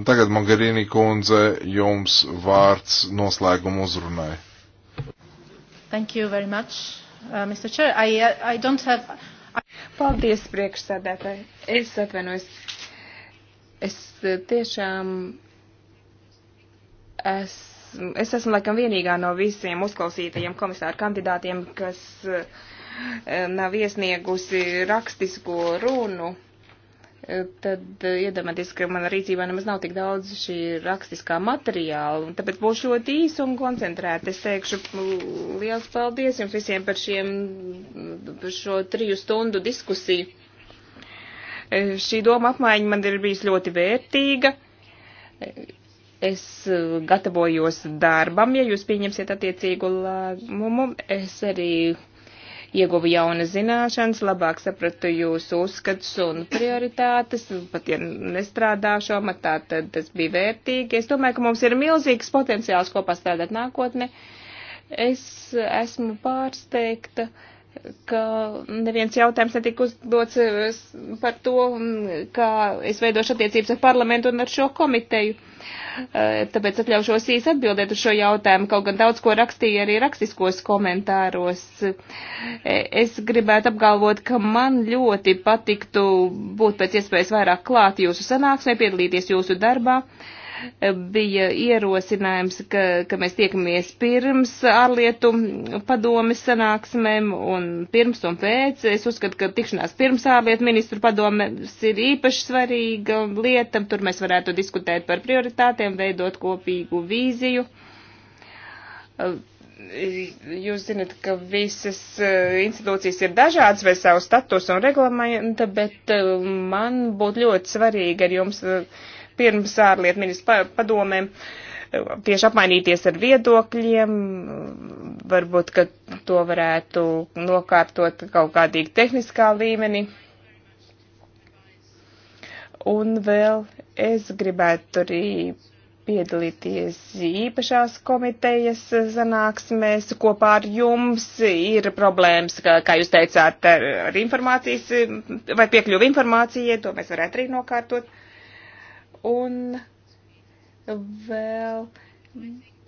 Tagad, Mogherini kundze, jums vārds noslēguma uzrunai. Thank you very much, uh, Mr. Chair. I, uh, I don't have... I... Paldies, priekšsēdētāji. Es atvainojos. Es uh, tiešām es, es esmu laikam vienīgā no visiem uzklausītajiem komisāru kandidātiem, kas uh, nav iesniegusi rakstisko runu tad eh, iedomājieties, ka mana rīcībā nemaz nav tik daudz šī rakstiskā materiāla, un tāpēc būšu ļoti īsa un koncentrēta. Es teikšu mm, liels paldies jums visiem par šiem, par šo triju stundu diskusiju. Eh, šī doma apmaiņa man ir bijis ļoti vērtīga. Es eh, gatavojos darbam, ja jūs pieņemsiet attiecīgu lēmumu. Es arī ieguvu jaunas zināšanas, labāk sapratu jūsu uzskatus un prioritātes, pat ja nestrādāšu amatā, tad tas bija vērtīgi. Es domāju, ka mums ir milzīgs potenciāls kopā strādāt nākotnē. Es esmu pārsteigta. Uh, ka neviens jautājums netika uzdots par to, kā es veidošu attiecības ar parlamentu un ar šo komiteju. E, tāpēc atļaušos īsi atbildēt uz šo jautājumu, kaut gan daudz ko rakstīja arī rakstiskos komentāros. E, es gribētu apgalvot, ka man ļoti patiktu būt pēc iespējas vairāk klāt jūsu sanāksmē, piedalīties jūsu darbā. Uh, bija ierosinājums, ka, ka mēs tiekamies pirms ārlietu padomes sanāksmēm un pirms un pēc. Es uzskatu, ka tikšanās pirms ārlietu ministru padomes ir īpaši svarīga lieta. Tur mēs varētu diskutēt par prioritātēm, veidot kopīgu vīziju. Jūs zinat, ka visas eh, institūcijas ir dažādas vai savu statusu un reglamentu, bet eh, man būtu ļoti svarīgi ar jums eh, pirms ārlietu ministru padomēm tieši apmainīties ar viedokļiem, varbūt, ka to varētu nokārtot kaut kādīgi tehniskā līmenī. Un vēl es gribētu arī piedalīties īpašās komitejas sanāksmēs kopā ar jums. Ir problēmas, kā, kā jūs teicāt, ar, ar informācijas vai piekļuvu informācijai, to mēs varētu arī nokārtot. Un vēl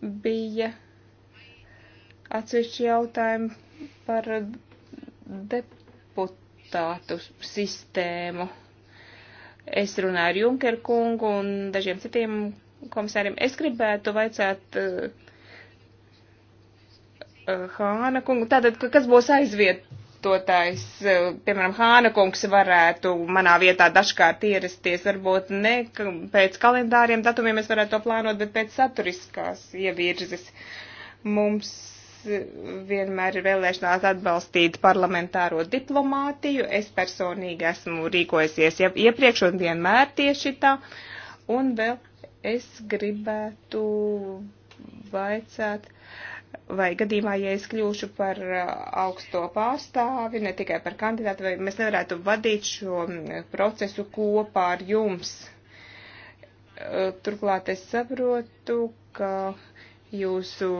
bija atsevišķi jautājumi par deputātu sistēmu. Es runāju ar Junkeru kungu un dažiem citiem komisāriem. Es gribētu vaicāt uh, Hāna kungu, tātad, kas būs aizviet lietotājs, eh, piemēram, Hāna kungs varētu manā vietā dažkārt ierasties, varbūt ne pēc kalendāriem datumiem mēs varētu to plānot, bet pēc saturiskās ievirzes. Mums eh, vienmēr ir vēlēšanās atbalstīt parlamentāro diplomātiju. Es personīgi esmu rīkojusies jau iepriekš un vienmēr tieši tā. Un vēl es gribētu vaicāt. Uh, vai gadījumā, ja es kļūšu par uh, augsto pārstāvi, ne tikai par kandidātu, vai mēs nevarētu vadīt šo mm, procesu kopā ar jums. Uh, turklāt es saprotu, ka jūsu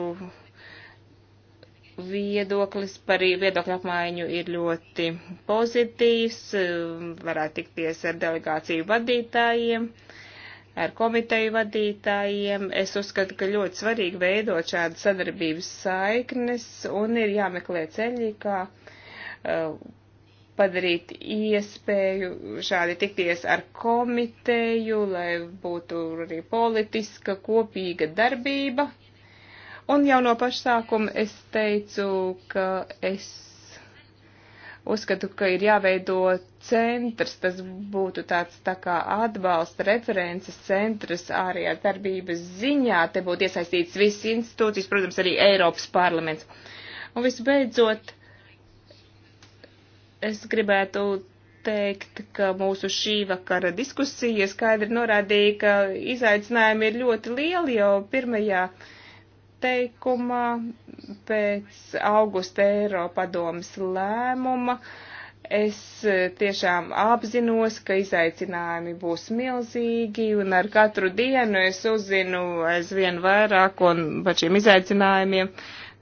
viedoklis par viedokļu apmaiņu ir ļoti pozitīvs, uh, varētu tikties ar delegāciju vadītājiem. Uh, ar komiteju vadītājiem. Es uzskatu, ka ļoti svarīgi veidot šādu sadarbības saiknes un ir jāmeklē ceļi, kā uh, padarīt iespēju šādi tikties ar komiteju, lai būtu arī politiska kopīga darbība. Un jau no pašsākuma es teicu, ka es Uzskatu, ka ir jāveido centrs, tas būtu tāds tā kā atbalsta references centrs ārējā darbības ziņā, te būtu iesaistīts visas institūcijas, protams, arī Eiropas parlaments. Un visbeidzot, es gribētu teikt, ka mūsu šī vakara diskusija skaidri norādīja, ka izaicinājumi ir ļoti lieli jau pirmajā teikumā pēc augusta Eiropadomas lēmuma es eh, tiešām apzinos, ka izaicinājumi būs milzīgi, un ar katru dienu es uzzinu aizvien vairāk un par šiem izaicinājumiem.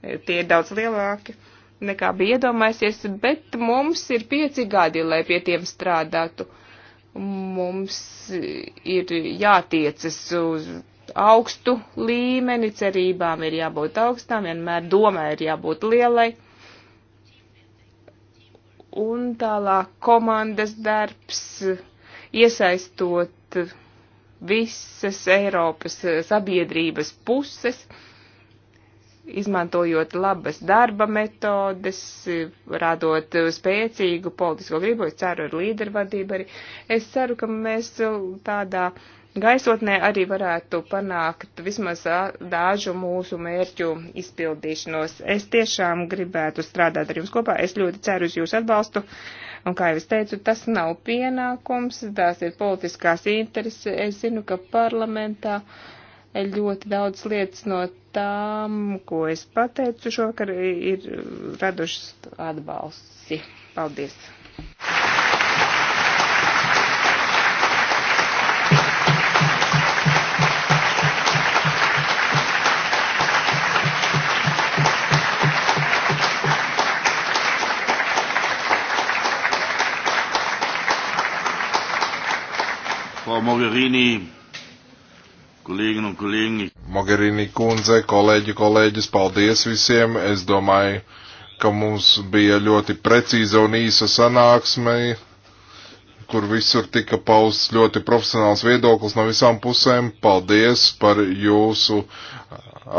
Eh, tie ir daudz lielāki nekā bija iedomājusies, bet mums ir pieci gadi, lai pie tiem strādātu. Mums eh, ir jātiecas uz augstu līmeni, cerībām ir jābūt augstām, vienmēr domai ir jābūt lielai. Un tālāk komandas darbs, iesaistot visas Eiropas sabiedrības puses, izmantojot labas darba metodes, rādot spēcīgu politisko gribu, es ceru ar līdervadību arī. Es ceru, ka mēs tādā uh, gaisotnē arī varētu panākt vismaz dažu mūsu mērķu izpildīšanos. Es tiešām gribētu strādāt ar jums kopā, es ļoti ceru uz jūsu atbalstu. Un kā jau es teicu, tas nav pienākums, tās ir politiskās intereses. Es zinu, ka parlamentā ļoti daudz lietas no tām, ko es pateicu šokar, ir radušas atbalsti. Paldies! Mogherini, kolēģi un kolēģi. Mogherini kundze, kolēģi, kolēģis, paldies visiem. Es domāju, ka mums bija ļoti precīza un īsa sanāksme, kur visur tika pausts ļoti profesionāls viedoklis no visām pusēm. Paldies par jūsu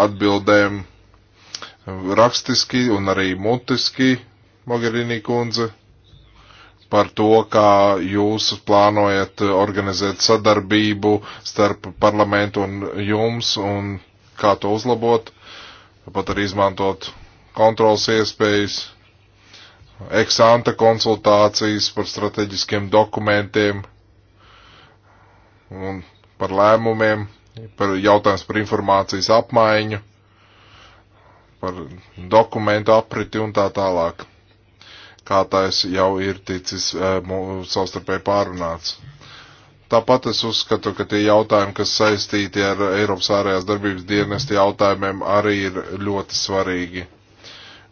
atbildēm rakstiski un arī mutiski, Mogherini kundze par to, kā jūs plānojat organizēt sadarbību starp parlamentu un jums un kā to uzlabot, pat arī izmantot kontrols iespējas, eksanta konsultācijas par strateģiskiem dokumentiem un par lēmumiem, par jautājums par informācijas apmaiņu, par dokumentu apriti un tā tālāk kā tas jau ir ticis eh, savstarpēji pārunāts. Tāpat es uzskatu, ka tie jautājumi, kas saistīti ar Eiropas ārējās darbības dienestu jautājumiem, arī ir ļoti svarīgi.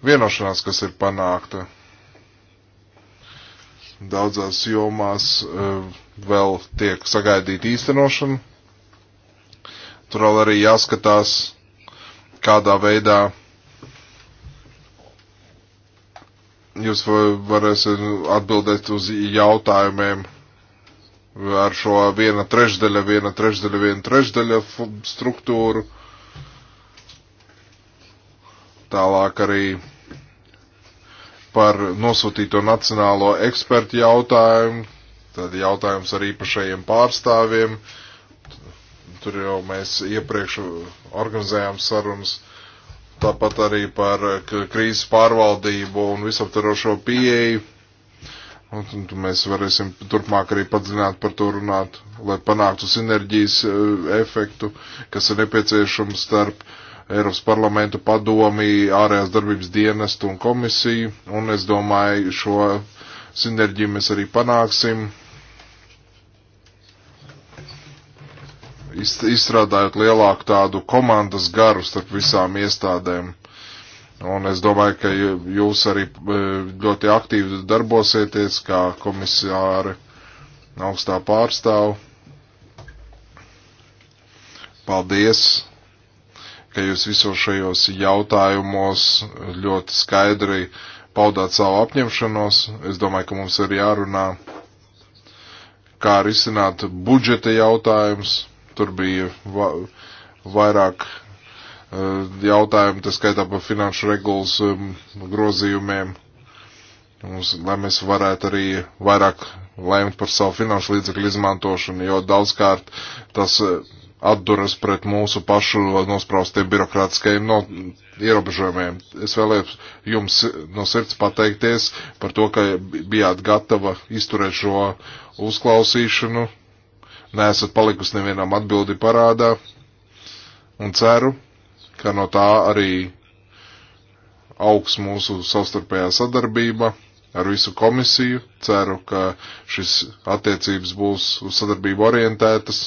Vienošanās, kas ir panākta daudzās jomās, eh, vēl tiek sagaidīta īstenošana. Tur vēl arī jāskatās, kādā veidā Jūs varēsiet atbildēt uz jautājumiem ar šo viena trešdaļa, viena trešdaļa, viena trešdaļa struktūru. Tālāk arī par nosūtīto nacionālo ekspertu jautājumu, tad jautājums ar īpašajiem pārstāvjiem. Tur jau mēs iepriekš organizējām sarunas tāpat arī par eh, krīzes pārvaldību un visaptarošo pieeju. Un mēs varēsim turpmāk arī padzināt par to runāt, lai panāktu sinerģijas eh, efektu, kas ir nepieciešams starp Eiropas parlamentu padomi, ārējās darbības dienestu un komisiju. Un es domāju, šo sinerģiju mēs arī panāksim izstrādājot lielāku tādu komandas garu starp visām iestādēm. Un es domāju, ka jūs arī e, ļoti aktīvi darbosieties kā komisāri augstā pārstāvu. Paldies, ka jūs visos šajos jautājumos ļoti skaidri paudāt savu apņemšanos. Es domāju, ka mums ir jārunā, kā risināt budžeta jautājumus Tur bija va vairāk uh, jautājumu, tas skaitā par finanšu regulas um, grozījumiem, Mums, lai mēs varētu arī vairāk lēmt par savu finanšu līdzekļu izmantošanu, jo daudzkārt tas eh, atduras pret mūsu pašu nospraustiem birokrātiskajiem no, ierobežojumiem. Es vēlēju jums no sirds pateikties par to, ka bijāt gatava izturēt šo uzklausīšanu, neesat palikusi nevienam atbildi parādā, un ceru, ka no tā arī augs mūsu savstarpējā sadarbība ar visu komisiju. Ceru, ka šis attiecības būs uz sadarbību orientētas.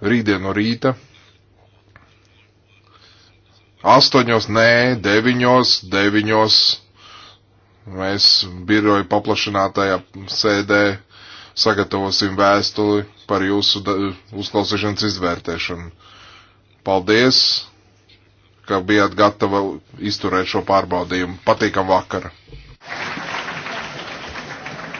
Rītdien no rīta. Astoņos, nē, deviņos, deviņos. Mēs biroju paplašinātajā sēdē sagatavosim vēstuli par jūsu uzklausīšanas izvērtēšanu. Paldies, ka bijāt gatavi izturēt šo pārbaudījumu. Patīkam vakaru!